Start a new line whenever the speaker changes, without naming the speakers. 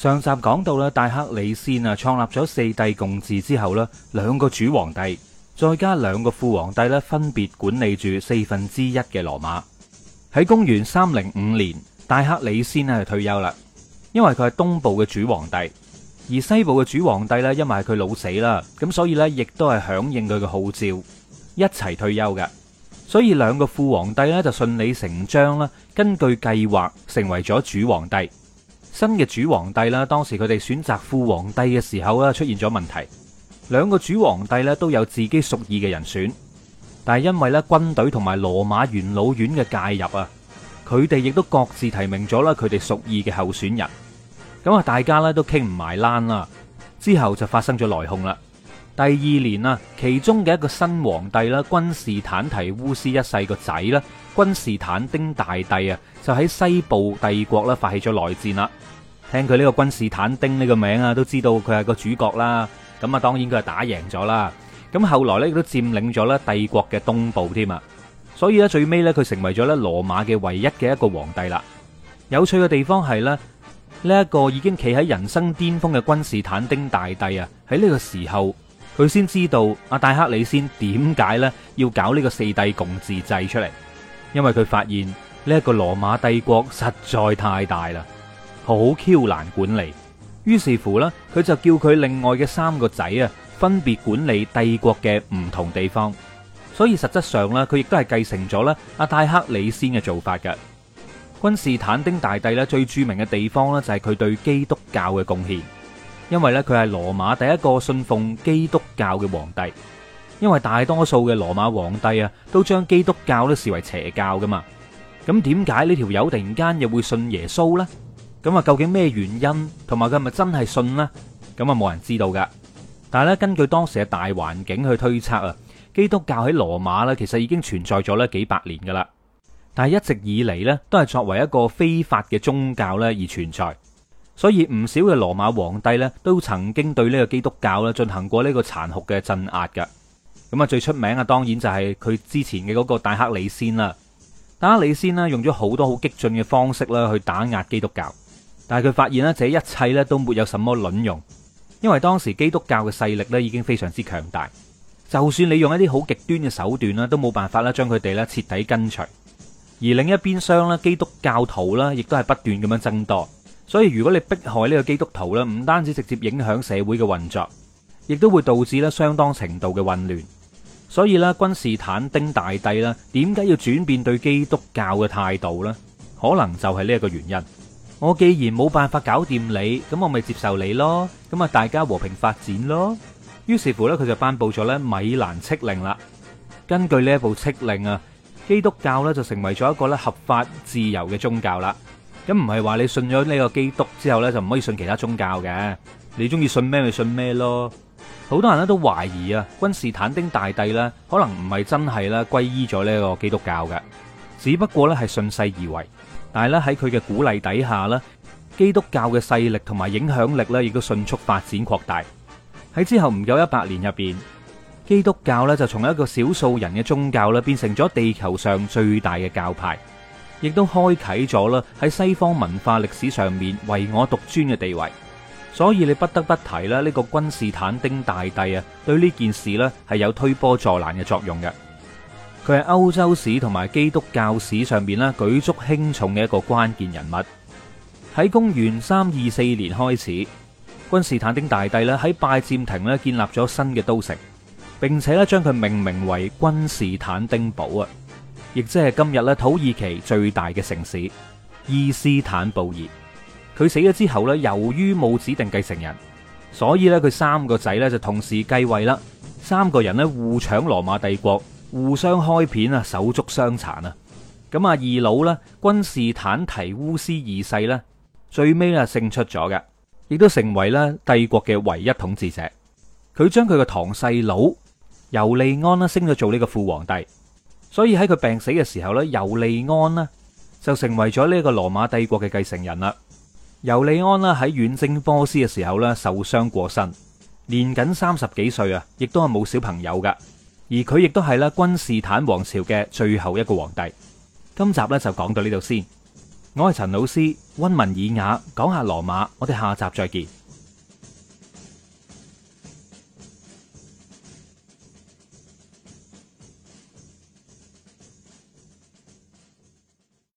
上集講到咧，戴克里先啊創立咗四帝共治之後咧，兩個主皇帝，再加兩個副皇帝咧，分別管理住四分之一嘅羅馬。喺公元三零五年，戴克里先咧去退休啦，因為佢係東部嘅主皇帝，而西部嘅主皇帝咧，因為係佢老死啦，咁所以呢亦都係響應佢嘅號召，一齊退休嘅。所以兩個副皇帝呢，就順理成章啦，根據計劃成為咗主皇帝。新嘅主皇帝啦，當時佢哋選擇副皇帝嘅時候咧，出現咗問題。兩個主皇帝咧都有自己屬意嘅人選，但係因為咧軍隊同埋羅馬元老院嘅介入啊，佢哋亦都各自提名咗啦佢哋屬意嘅候選人。咁啊，大家咧都傾唔埋欄啦。之後就發生咗內訌啦。第二年啊，其中嘅一個新皇帝啦，君士坦提烏斯一世個仔啦。君士坦丁大帝啊，就喺西部帝國咧發起咗內戰啦。聽佢呢個君士坦丁呢個名啊，都知道佢係個主角啦。咁啊，當然佢係打贏咗啦。咁後來咧，亦都佔領咗咧帝國嘅東部添啊。所以咧，最尾咧，佢成為咗咧羅馬嘅唯一嘅一個皇帝啦。有趣嘅地方係咧，呢、這、一個已經企喺人生巔峰嘅君士坦丁大帝啊，喺呢個時候佢先知道阿戴克里先點解咧要搞呢個四帝共治制出嚟。因為佢發現呢一個羅馬帝國實在太大啦，好 Q 難管理。於是乎呢佢就叫佢另外嘅三個仔啊，分別管理帝國嘅唔同地方。所以實質上呢佢亦都係繼承咗咧阿戴克里先嘅做法嘅。君士坦丁大帝咧最著名嘅地方呢，就係佢對基督教嘅貢獻，因為呢，佢係羅馬第一個信奉基督教嘅皇帝。因為大多數嘅羅馬皇帝啊，都將基督教都視為邪教噶嘛。咁點解呢條友突然間又會信耶穌呢？咁啊，究竟咩原因？同埋佢係咪真係信呢？咁啊，冇人知道噶。但係咧，根據當時嘅大環境去推測啊，基督教喺羅馬咧，其實已經存在咗咧幾百年噶啦。但係一直以嚟咧，都係作為一個非法嘅宗教咧而存在。所以唔少嘅羅馬皇帝咧，都曾經對呢個基督教咧進行過呢個殘酷嘅鎮壓噶。咁啊，最出名嘅，當然就係佢之前嘅嗰個大克里先啦。戴克里先咧，用咗好多好激進嘅方式啦，去打壓基督教。但係佢發現咧，這一切咧都沒有什麼卵用，因為當時基督教嘅勢力咧已經非常之強大，就算你用一啲好極端嘅手段啦，都冇辦法啦將佢哋咧徹底根除。而另一邊廂咧，基督教徒啦，亦都係不斷咁樣增多。所以如果你迫害呢個基督徒咧，唔單止直接影響社會嘅運作，亦都會導致咧相當程度嘅混亂。所以啦，君士坦丁大帝啦，點解要轉變對基督教嘅態度咧？可能就係呢一個原因。我既然冇辦法搞掂你，咁我咪接受你咯，咁啊大家和平發展咯。於是乎咧，佢就頒布咗咧米蘭敕令啦。根據呢一部敕令啊，基督教咧就成為咗一個咧合法自由嘅宗教啦。咁唔係話你信咗呢個基督之後咧就唔可以信其他宗教嘅，你中意信咩咪信咩咯。好多人咧都懷疑啊，君士坦丁大帝咧可能唔係真係咧皈依咗呢個基督教嘅，只不過咧係順勢而為。但係咧喺佢嘅鼓勵底下咧，基督教嘅勢力同埋影響力咧亦都迅速發展擴大。喺之後唔夠一百年入邊，基督教咧就從一個少數人嘅宗教咧，變成咗地球上最大嘅教派，亦都開啟咗啦喺西方文化歷史上面唯我獨尊嘅地位。所以你不得不提啦，呢個君士坦丁大帝啊，對呢件事呢係有推波助瀾嘅作用嘅。佢係歐洲史同埋基督教史上面咧舉足輕重嘅一個關鍵人物。喺公元三二四年開始，君士坦丁大帝咧喺拜占庭呢建立咗新嘅都城，並且呢將佢命名為君士坦丁堡啊，亦即係今日咧土耳其最大嘅城市伊斯坦布爾。佢死咗之後咧，由於冇指定繼承人，所以咧佢三個仔咧就同時繼位啦。三個人咧互搶羅馬帝國，互相開片啊，手足相殘啊。咁啊，二佬咧，君士坦提烏斯二世咧，最尾咧勝出咗嘅，亦都成為咧帝國嘅唯一統治者。佢將佢個堂細佬尤利安啦升咗做呢個副皇帝，所以喺佢病死嘅時候咧，尤利安呢就成為咗呢個羅馬帝國嘅繼承人啦。尤利安啦喺遠征波斯嘅時候啦受傷過身，年僅三十幾歲啊，亦都係冇小朋友噶，而佢亦都係啦君士坦王朝嘅最後一個皇帝。今集咧就講到呢度先，我係陳老師溫文爾雅，講下羅馬，我哋下集再見。